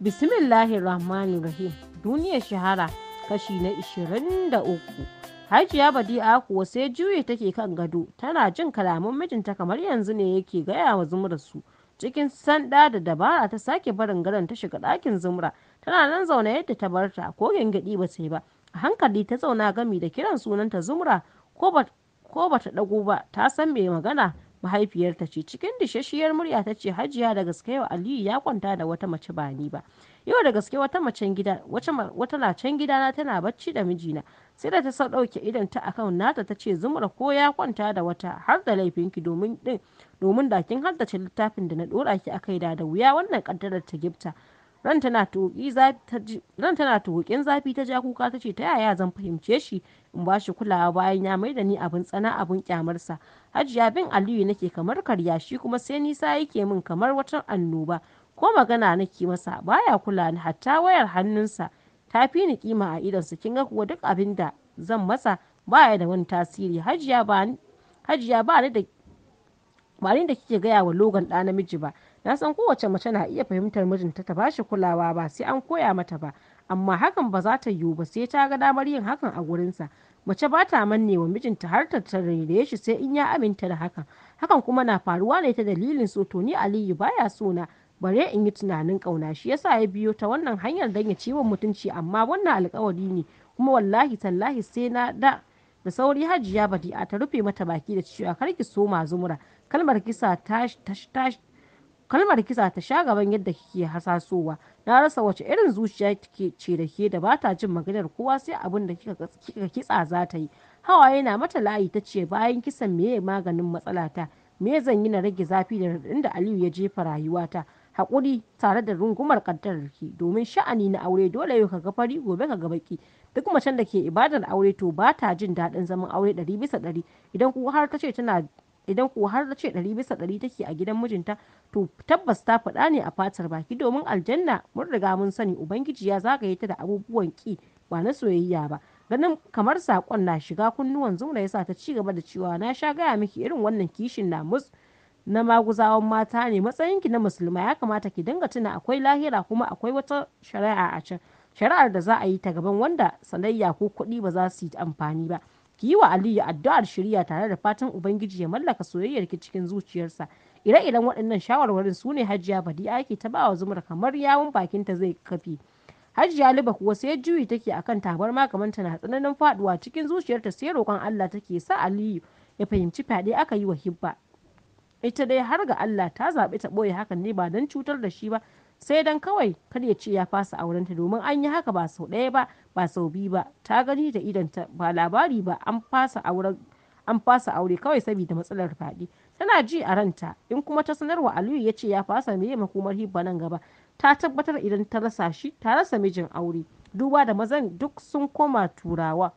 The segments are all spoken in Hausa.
Bismillahir Rahmanir Rahim duniyar shahara kashi na 23 Hajiya Badi'a kuwa sai juyi take kan gado tana jin kalamun mijinta kamar yanzu ne yake gaya wa zumrarsu cikin sanda da dabara ta sake barin gadon ta shiga ɗakin zumra tana nan zaune yadda ta barta ko gyangyaɗi ba sai ba a hankali ta zauna gami da kiran sunanta zumra ko ba ta dago ba ta san mai magana mahaifiyarta ce cikin dishashiyar murya ta ce hajiya da gaske yau aliyu ya kwanta da wata mace ba ni ba yau da gaske wata macen gida wata na can na tana bacci da mijina sai da ta sau ɗauke idan ta akan nata ta ce zumura ko ya kwanta da wata har da laifinki domin din domin da kin haddace littafin da na dora ki akai da da wuya wannan kaddarar ta gifta Ran tana tuƙin zafi ta ja kuka ta ce ta yaya zan fahimce shi in ba shi kulawa bayan ya mai da ni abin tsana abin kyamarsa Hajiya bin Aliyu nake kamar karya shi kuma sai nisa yake min kamar wata annoba. Ko magana nake masa baya kula ni hatta wayar hannunsa ta fi ni kima a idonsa kin ga kuwa duk abin da zan masa baya da wani tasiri. Hajiya ba ni da kike gaya wa Logan ɗa namiji ba. Na san kowace mace na iya fahimtar mijinta ta bashi kulawa ba sai an koya mata ba, amma hakan ba za ta yiwu ba sai ta ga damar yin hakan a gurinsa. Mace ba ta manne wa mijinta har ta tarire shi sai in ya aminta da hakan. Hakan kuma na faruwa ne ta dalilin so to ni Aliyu baya so na bare in yi tunanin kauna shi yasa ya biyo ta wannan hanyar dan ya ciwon mutunci amma wannan alkawari ne kuma wallahi tallahi sai na da da sauri hajiya a ta rufe mata baki da cewa kar ki soma zumura kalmar kisa ta kalmar kisa ta sha gaban yadda kike hasasowa na rasa wace irin zuciya take ce da ke da ba ta jin maganar kowa sai abin da kika kitsa za ta yi hawaye na mata layi ta ce bayan kisan meye maganin matsalata me zan yi na rage zafi da raɗin da aliyu ya jefa rayuwata haƙuri tare da rungumar ki domin sha'ani na aure dole yau ka ga fari gobe ka ga baki duk macen da ke ibadar aure to ba ta jin daɗin zaman aure ɗari bisa ɗari idan kuma har ta ce tana idan kuwa har ta ce ɗari bisa ɗari take a gidan mijinta to tabbas ta faɗa ne a fatar baki domin aljanna mun riga mun sani ubangiji ya zagaye ta da abubuwan ki ba na soyayya ba ganin kamar saƙon na shiga kunnuwan zumra yasa ta ci gaba da cewa na sha gaya miki irin wannan kishin na mus na maguzawan mata ne matsayinki na musulma ya kamata ki dinga tuna akwai lahira kuma akwai wata shari'a a can shari'ar da za a yi ta gaban wanda sanayya ko kuɗi ba za su yi amfani ba ki yi wa aliyu addu'ar shirya tare da fatan ubangiji ya mallaka soyayyarki cikin zuciyarsa ire-iren waɗannan shawarwarin su ne hajiya badi'a ke ta bawa zumar kamar yawun bakinta zai kafi hajiya liba kuwa sai juyi take akan tabar kamar na tsananin faduwa cikin zuciyarta sai roƙon allah take sa aliyu ya fahimci fyaɗe aka yi wa hibba ita dai har ga allah ta zaɓi ta ɓoye hakan ne ba don cutar da shi ba sai dan kawai kar ya ce ya fasa aurenta domin an yi haka ba sau ɗaya ba ba sau biyu ba ta gani da idanta ba labari ba an fasa auren an fasa aure kawai saboda matsalar faɗi tana ji a ranta in kuma ta sanarwa aliyu ya ce ya fasa meye makomar hibba nan gaba ta tabbatar idan ta rasa shi ta rasa mijin aure duba da mazan duk sun koma turawa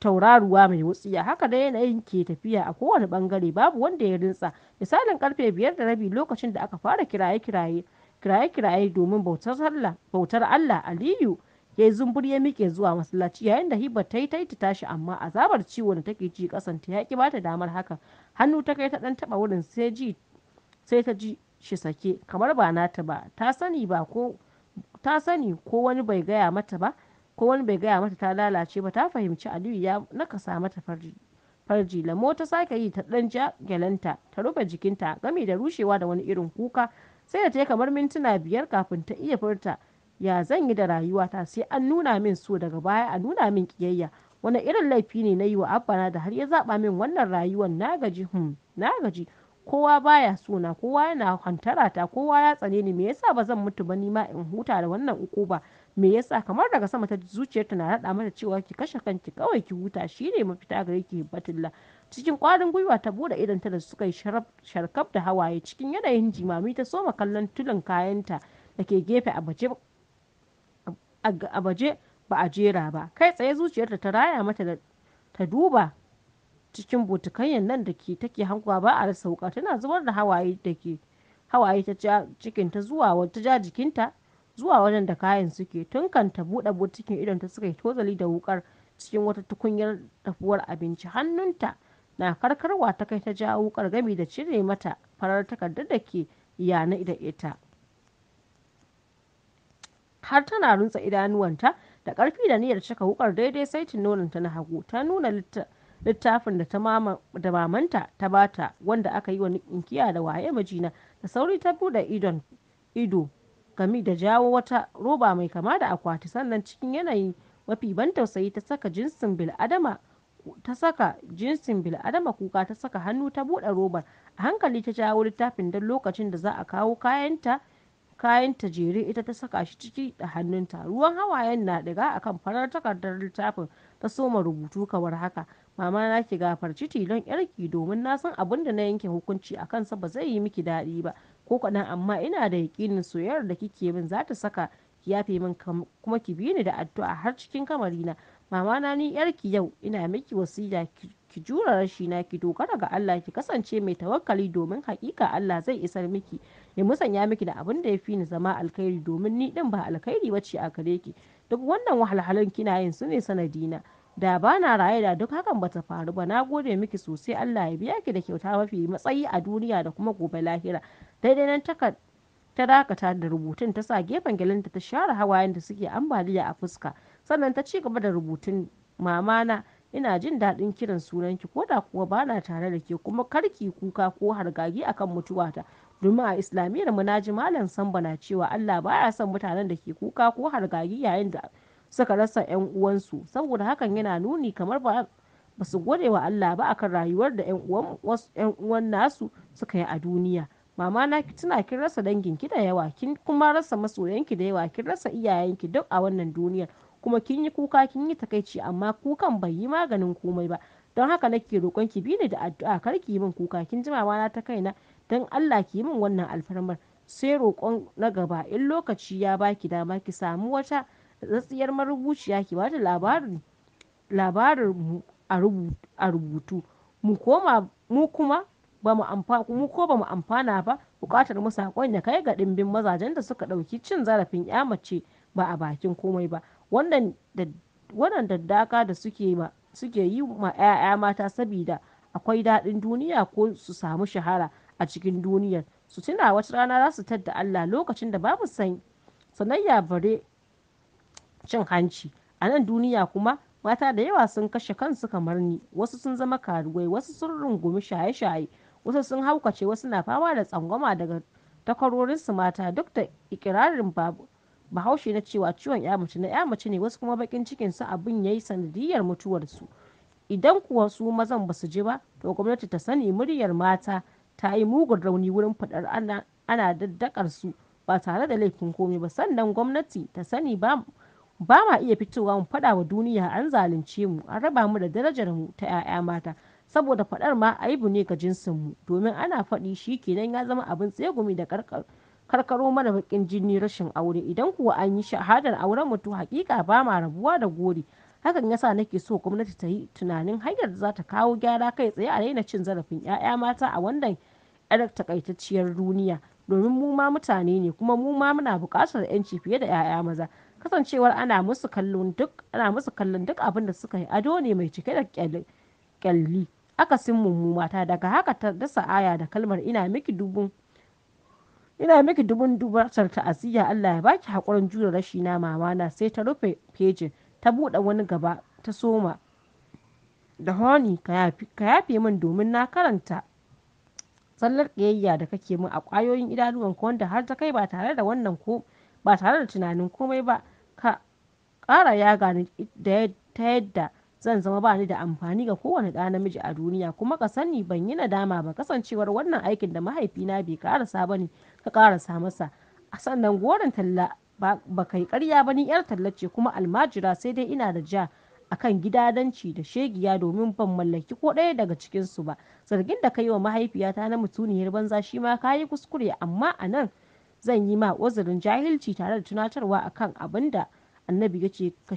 tauraruwa mai wutsiya haka da yanayin ke tafiya a kowane bangare babu wanda ya rinsa misalin karfe biyar da rabi lokacin da aka fara kiraye-kiraye kiraye-kiraye domin bautar Allah Aliyu ya yi zumbur ya miƙe zuwa masallaci yayin da Hibba ta yi ta tashi amma azabar ciwo da take ji kasanta ya ki ba ta damar haka hannu ta kai ta ɗan taɓa wurin sai ta ji shi sake kamar ba nata ba ta sani ba ko ta sani ko wani bai gaya mata ba ko wani bai gaya mata ta lalace ba ta fahimci Aliyu ya nakasa mata farji farji lamo ta sake yi ta ɗan ja gyalanta ta rufe jikinta game da rushewa da wani irin kuka sai da ta yi kamar mintuna biyar kafin ta iya furta ya zan yi da rayuwata sai an nuna min so daga baya a nuna min kiyayya wani irin laifi ne na yi wa abana da har ya zaba min wannan rayuwar na gaji hmm na gaji kowa baya sona kowa yana hantara ta kowa ya tsane ni me yasa ba zan mutu ba ni ma in huta da wannan uku ba me yasa kamar daga sama ta zuciyarta na rada mata cewa ki kashe kanki kawai ki huta shine mafita gare ki batilla cikin kwarin gwiwa ta bude ta da suka yi sharkaf da hawaye cikin yanayin jimami ta soma kallon tulin kayanta da ke gefe a baje ba a jera ba kai tsaye zuciyarta ta raya mata da ta duba cikin botukanyan nan da ke take hankuwa ba a rasa wuka tana zubar da hawaye da ke hawaye ta ja cikinta zuwa wata ja jikinta zuwa wajen da kayan suke tun kan ta buɗe botikin idon ta suka yi tozali da wukar cikin wata tukunyar tafuwar abinci hannunta na karkarwa ta kai ta jawo wukar gami da cire mata farar takardar da ke yana da ita har tana runtsa idanuwanta da ƙarfi da niyyar cika wukar daidai saitin nononta na hagu ta nuna littafin da da mamanta ta bata wanda aka yi wa inkiya da waye majina da sauri ta bude idon ido gami da jawo wata roba mai kama da akwati sannan cikin yanayi mafi ban tausayi ta saka jinsin adama. ta saka jinsin bil'adama kuka ta saka hannu ta buɗe robar a hankali ta jawo littafin don lokacin da za a kawo kayanta ta jere ita ta saka shi ciki da hannunta ruwan hawayen na ɗiga akan farar takardar littafin ta soma rubutu kamar haka mama na ki gafarci tilon yarki domin na san abin da na yanke hukunci a kansa ba zai yi miki daɗi ba ko kaɗan amma ina da yaƙinin soyayyar da kike min za ta saka ki yafe min kuma ki bi ni da addu'a har cikin kamarina Mama na ni yarki yau ina miki wasiya ki jure na ki dogara ga Allah, ki kasance mai tawakkali domin hakika Allah zai isar miki ya musanya miki da abin da ya fi ni zama alkhairi domin ni din ba alkhairi bace a gare ki. Duk wannan wahalhalun kina yin su ne sanadina. Da ba na raye da duk hakan bata faru ba. Na gode miki sosai Allah ya biya ki da kyauta mafi matsayi a duniya da kuma gobe lahira. Daidai nan ta dakata da rubutun ta sa gefen ta ta share hawayen da suke ambaliya a fuska. Sannan ta ci gaba da rubutun mamana ina jin daɗin kiran sunanki ko da kuwa ba na tare da ke kuma karki kuka ko hargagi akan mutuwata domin a islamiyyar mu ji malam samba na cewa Allah baya son mutanen da ke kuka ko hargagi yayin da suka rasa yan uwansu saboda hakan yana nuni kamar ba ba su gode wa Allah ba akan rayuwar da yan uwan yan uwan nasu suka yi a duniya mama na tuna kin rasa danginki da yawa kin kuma rasa masoyanki da yawa kin rasa iyayenki duk a wannan duniyar kuma kin yi kuka kin yi takaici amma kukan bai yi maganin komai ba don haka nake roƙon ki bi ni da addu'a kar ki yi min kuka kin jimawa na ta kaina don Allah ki yi min wannan alfarmar sai roƙon na gaba in lokaci ya baki dama ki samu wata tsatsiyar marubuciya ki bada labarin labarin mu a rubutu mu koma mu kuma ba mu mu ko ba mu amfana ba buƙatar mu sakon ya kai ga dimbin mazajen da suka ɗauki cin zarafin ya mace ba a bakin komai ba waɗanda daddaka da suke yi ma 'ya'ya mata sabida akwai daɗin duniya ko su samu shahara a cikin duniyar su tuna wata rana za su tadda Allah lokacin da babu sanayya bare cin hanci a nan duniya kuma mata da yawa sun kashe kansu kamar ni wasu sun zama karuwai wasu sun rungumi shaye-shaye wasu sun haukace wasu na fama da tsangwama daga takwarorinsu mata duk da ikirarin babu bahaushe na cewa ciwon ya mace na ya mace ne wasu kuma bakin cikin su abin ya yi sanadiyar su idan kuwa su mazan ba su ji ba to gwamnati ta sani muryar mata ta yi mugun rauni wurin faɗar ana daddakar su ba tare da laifin komai ba sannan gwamnati ta sani ba ba ma iya fitowa mu faɗawa wa duniya an zalunce mu an raba mu da darajar mu ta 'ya'ya mata saboda faɗar ma aibu ne ga jinsin mu domin ana faɗi shi kenan ya zama abin tsegumi da karkaro mana bakin jini rashin aure idan kuwa an yi shahadar auren mutu hakika ba ma rabuwa da gori hakan yasa nake so gwamnati ta yi tunanin hanyar da za ta kawo gyara kai tsaye a daina cin zarafin 'ya'ya mata a wannan yar takaitacciyar duniya domin mu ma mutane ne kuma mu ma muna buƙatar 'yanci fiye da 'ya'ya maza kasancewar ana musu kallon duk ana musu kallon duk abin da suka yi ado ne mai cike da kyalli akasin mummu mata daga haka ta dasa aya da kalmar ina miki dubun Ina miki dubun ta ta'aziyya Allah ya baki hakurin jure rashina mamana sai ta rufe fejin ta buɗe wani gaba ta soma da honi ka yafe min domin na karanta tsallar ƙiyayya da kake min a ƙwayoyin ko wanda har ta kai ba tare da wannan ko ba tare da tunanin komai ba ka ƙara ya gani ta yadda zan zama bani da amfani ga kowane ɗa namiji a duniya kuma ka sani ban yi nadama ba kasancewar wannan aikin da mahaifina bai karasa ba ne ta karasa masa a sannan goron talla ba kai karya ba ni yar talla ce kuma almajira sai dai ina da ja a kan akan gidadanci da shegiya domin ban mallaki ko ɗaya daga cikinsu ba zargin da ka yi wa mahaifiyata na mutuniyar banza shi ma ka yi kuskure amma a nan zan yi ma wazirin jahilci tare da tunatarwa akan abin da annabi ya ce ka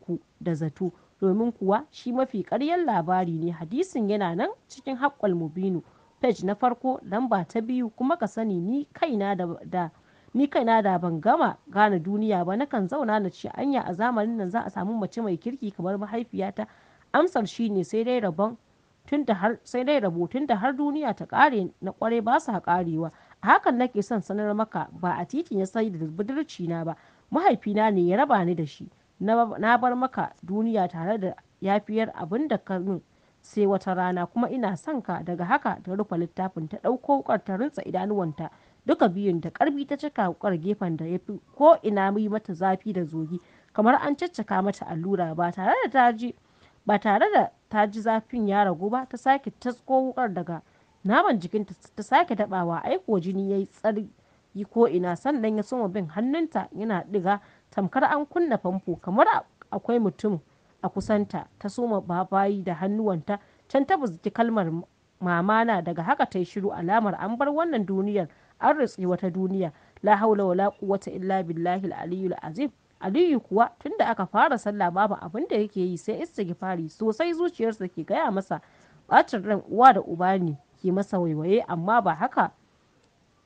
ku da zato domin kuwa shi mafi karyar labari ne hadisin yana nan cikin haƙƙal mubinu page na farko lamba ta biyu kuma ka sani ni kaina da ni kaina da ban gama gane duniya ba na kan zauna na ce anya a zamanin nan za a samu mace mai kirki kamar mahaifiyata amsar shi sai dai rabon tunda har sai dai rabo tunda har duniya ta kare na kwarai ba sa karewa a hakan nake son sanar maka ba a titi ya sai da budurci na ba mahaifina ne ya raba ni da shi na bar maka duniya tare da yafiyar abin da ka min sai wata rana kuma ina son ka daga haka ta rufe littafin ta ɗauko wukar ta rintsa idanuwanta duka biyun da ƙarfi ta cika wukar gefen da ya fi ko ina yi mata zafi da zogi kamar an caccaka mata allura ba tare da ta ji ba tare da ta ji zafin ya ragu ba ta sake tasko wukar daga naman jikinta ta sake dabawa aiko jini ya yi tsari ko ina sannan ya soma bin hannunta yana ɗiga tamkar an kunna famfo kamar akwai mutum a kusanta ta soma babayi da hannuwanta can ta buzuki kalmar mamana daga haka ta yi shiru alamar an bar wannan duniyar an ritsi wata duniya la haula wala quwwata illa billahi aliyul azim aliyu kuwa tunda aka fara sallah babu abin da yake yi sai istighfari sosai zuciyarsa ke gaya masa bacin ran uwa da uba ne ke masa waiwaye amma ba haka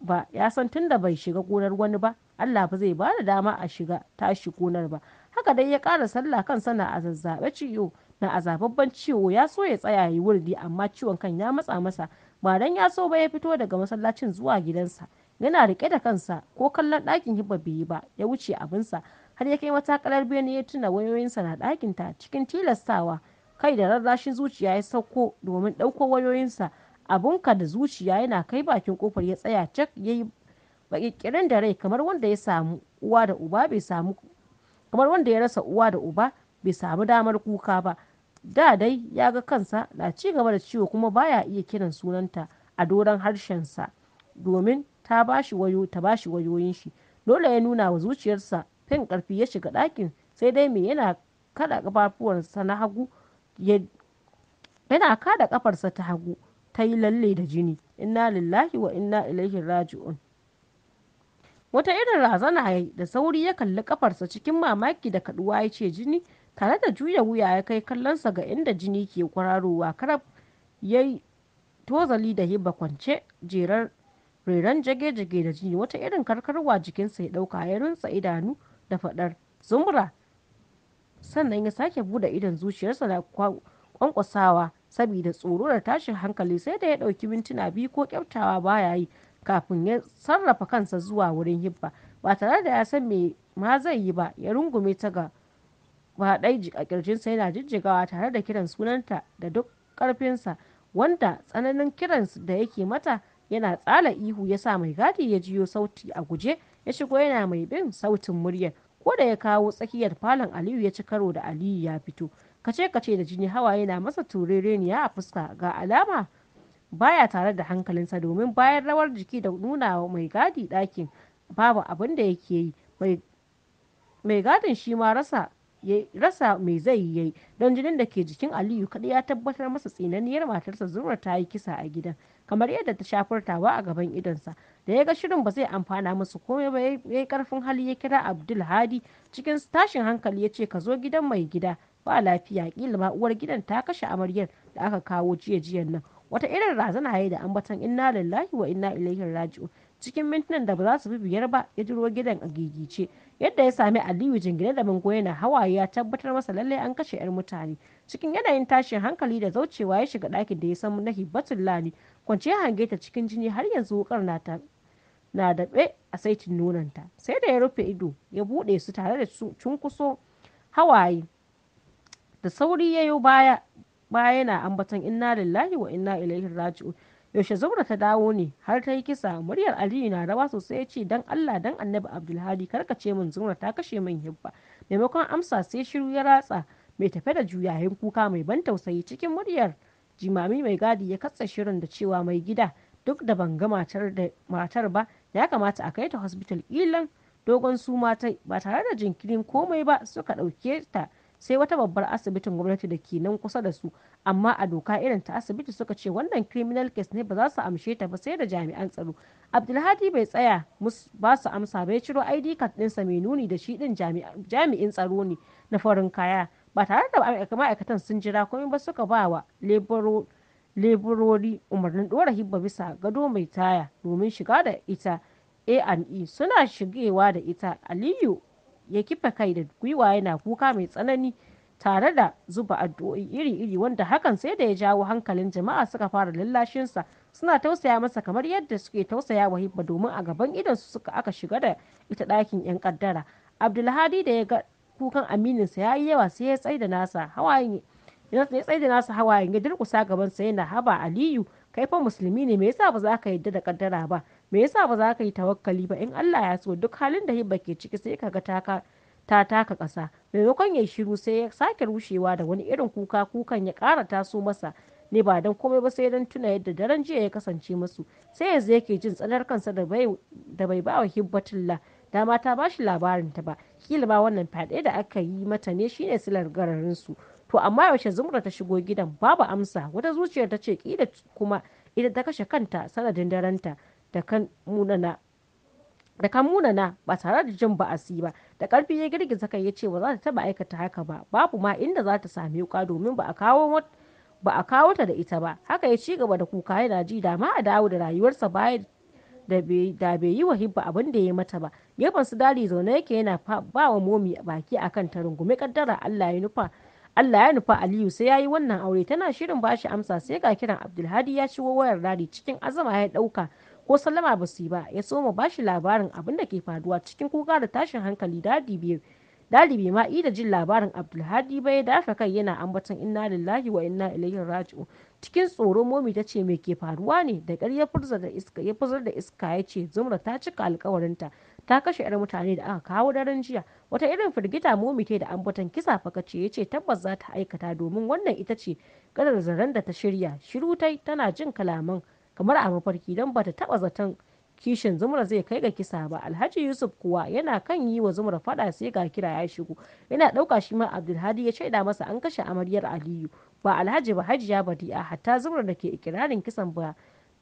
ba ya san tunda bai shiga gonar wani ba Allah ba zai ba da dama a shiga tashi gonar ba haka dai ya kara sallah kansa na a zazzaɓe ciwo na azababban ciwo ya so ya tsaya yi wurdi amma ciwon kan ya matsa masa ba dan ya so ba ya fito daga masallacin zuwa gidansa yana rike da kansa ko kallon ɗakin hibba bai yi ba ya wuce abinsa har ya kai matakalar bene ya tuna wayoyinsa na ɗakinta cikin tilastawa kai da rarrashin zuciya ya sauko domin ɗauko wayoyinsa abunka da zuciya yana kai bakin kofar ya tsaya cak ya yi bakikirin da rai kamar wanda ya samu uwa da uba bai samu kamar wanda ya rasa uwa da uba bai samu damar kuka ba da dai ya ga kansa na ci gaba da ciwo kuma baya iya kiran sunanta a doron harshensa domin ta bashi wayo ta bashi wayoyin shi dole ya nuna wa zuciyarsa fin karfi ya shiga ɗakin sai dai me yana kada kafafuwarsa na hagu yana kada kafarsa ta hagu ta yi lalle da jini inna lillahi wa inna ilaihi raji'un wata irin razana ya yi da sauri ya kalli kafarsa cikin mamaki da kaduwa ya ce jini tare da juya wuya ya kai kallonsa ga inda jini ke kwararowa karab ya yi tozali da hiba kwance jerar reran jage-jage da jini wata irin karkarwa jikinsa ya dauka ya rinsa idanu da faɗar zumra sannan ya sake buɗe idon zuciyarsa da kwankwasawa saboda tsoro da tashin hankali sai da ya dauki mintuna biyu ko kyautawa baya yi kafin ya sarrafa kansa zuwa wurin hibba ba tare da ya san me ma zai yi ba ya rungume ta ga baɗai a kirjinsa yana jijjigawa tare da kiran sunanta da duk ƙarfinsa wanda tsananin kiran da yake mata yana tsala ihu ya sa mai gadi ya jiyo sauti a guje ya shigo yana mai bin sautin muryar ko da ya kawo tsakiyar falon aliyu ya ci karo da aliyu ya fito kace kace da jini hawa yana masa turereniya a fuska ga alama baya tare da hankalinsa domin bayan rawar jiki da nuna mai gadi ɗakin babu abin da yake yi mai gadin shi ma rasa rasa mai zai yi don jinin da ke jikin aliyu kadai ya tabbatar masa tsinaniyar matarsa zumar ta yi kisa a gidan kamar yadda ta tawa a gaban idonsa da ya ga shirin ba zai amfana musu komai ba ya yi karfin hali ya kira abdul hadi cikin tashin hankali ya ce ka zo gidan mai gida ba lafiya kila ma uwar gidan ta kashe amaryar da aka kawo jiya jiyan nan wata irin razana yi da ambaton inna lillahi wa inna ilaihi raji'un cikin mintunan da ba za su bi biyar ba ya jiro gidan a gigice yadda ya sami aliyu jingine da bango yana hawaye ya tabbatar masa lallai an kashe yar mutane cikin yanayin tashin hankali da zaucewa ya shiga ɗakin da ya san na hibbatun lani kwanciya hange ta cikin jini har yanzu wukar na ta na daɓe a saitin nonanta sai da ya rufe ido ya buɗe su tare da cunkuso hawaye da sauri ya yi baya baya yana ambaton inna lillahi wa inna ilaihi raji'u yaushe zaura ta dawo ne har ta yi kisa muryar aliyu na rawa sosai ya ce dan allah dan annabi abdulhadi ce min zaura ta kashe min hibba maimakon amsa sai shiru ya ratsa mai tafe da juyayen kuka mai ban tausayi cikin muryar jimami mai gadi ya katse shirin da cewa mai gida duk da ban ga matar ba ya kamata a kai ta hospital ilan dogon su matai ba tare da jinkirin komai ba suka ɗauke ta sai wata babbar asibitin gwamnati da ke nan kusa da su amma a doka irin ta asibiti suka ce wannan criminal case ne ba za su amshe ta ba sai da jami'an tsaro abdulhadi bai tsaya ba su amsa bai ciro id card ɗinsa mai nuni da shi ɗin jami'in tsaro ne na farin kaya ba tare da ma'aikatan sun jira komai ba suka ba wa leburori umarnin ɗora hibba bisa gado mai taya domin shiga da ita a&e suna shigewa da ita aliyu ya kifa kai da gwiwa yana kuka mai tsanani tare da zuba addu'o'i iri-iri wanda hakan sai da ya jawo hankalin jama'a suka fara lallashinsa suna tausaya masa kamar yadda suke tausaya wa hibba domin a gaban su suka aka shiga da ita ɗakin 'yan kaddara abdulhadi da ya ga kukan amininsa ya yi yawa sai ya tsaida nasa hawayen ya tsaida nasa hawayen ya durkusa gabansa yana haba aliyu kai fa musulmi ne me yasa ba za ka yadda da kaddara ba me yasa ba za ka yi tawakkali ba in Allah ya so duk halin da hibba ke ciki sai ka ga ta ta taka ƙasa maimakon ya shiru sai ya sake rushewa da wani irin kuka kukan ya ƙara taso masa ne ba don komai ba sai don tuna yadda daren jiya ya kasance masu sai yanzu yake jin tsanar kansa da bai bawa da dama ta shi labarin ta ba kila ma wannan fyaɗe da aka yi mata ne shine silar gararin su to amma yaushe zumra ta shigo gidan babu amsa wata zuciyar ta ce kila kuma idan ta kashe kanta sanadin daren ta da kan munana ba tare da jin ba'asi ba da karfi ya girgiza kai ya ce ba za ta taba aikata haka ba babu ma inda za ta sami wuka domin ba a kawo ba kawo ta da ita ba haka ya ci gaba da kuka yana ji dama a dawo da rayuwarsa baya da bai yi wa hibba abin da ya mata ba gefen su dali zaune yake yana ba wa momi baki akan ta rungume kaddara Allah ya nufa Allah ya nufa Aliyu sai ya yi wannan aure tana shirin bashi amsa sai ga kiran Abdulhadi ya ci wayar dadi cikin azama ya dauka ko sallama ba su yi ba ya mu ba shi labarin abin da ke faruwa cikin kuka da tashin hankali dadi bai ma da jin labarin abdulhadi bai dafa kai yana ambaton inna lillahi wa inna ilaihi raji'un cikin tsoro momi ta ce me ke faruwa ne da ƙar ya furza da iska ya da iska ya ce zumra ta cika alkawarinta ta kashe yar mutane da aka kawo daren jiya wata irin firgita momi ta da ambaton kisa faka ce ya ce tabbas za ta aikata domin wannan ita ce kadar zaren da ta shirya shiru tai tana jin kalaman kamar a mafarki don bata taba zaton kishin zumra zai kai ga kisa ba alhaji yusuf kuwa yana kan yi wa zumra fada sai ga kira ya shigo yana dauka shi ma abdulhadi ya shaida masa an kashe amaryar aliyu ba alhaji ba ya hajiya a hatta zumra da ke ikirarin kisan ba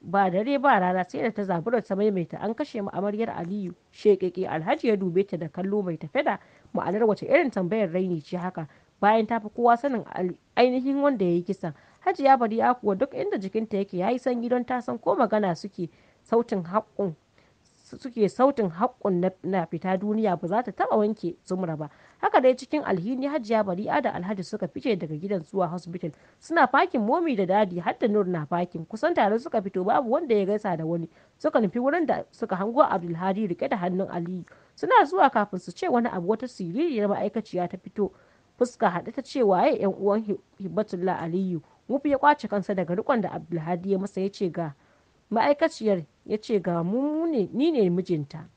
ba dare ba rana sai da ta zabura ta maimaita an kashe mu amaryar aliyu shekeke alhaji ya dube ta da kallo mai tafe da ma'anar wace irin tambayar raini ce haka bayan ta fi kowa sanin ainihin wanda ya yi kisan Hajiya ya kuwa duk inda jikinta yake ya yi sanyi don ta san ko magana suke sautin haƙƙun sautin haƙƙun na fita duniya ba za ta taɓa wanke zumra ba haka dai cikin alhini hajiya bari da alhaji suka fice daga gidan zuwa hospital suna fakin momi da dadi har da nur na fakin kusan tare suka fito babu wanda ya gaisa da wani suka nufi wurin da suka hango abdulhadi rike da hannun aliyu suna zuwa kafin su ce wani abu wata siririyar ma'aikaciya ta fito fuska haɗe ta cewa waye yan uwan hibbatullah aliyu mufi ya kwace kansa daga rikon da Abdulhadi ya masa ya ce ga ma'aikaciyar ya ce ga mu ni ne mijinta.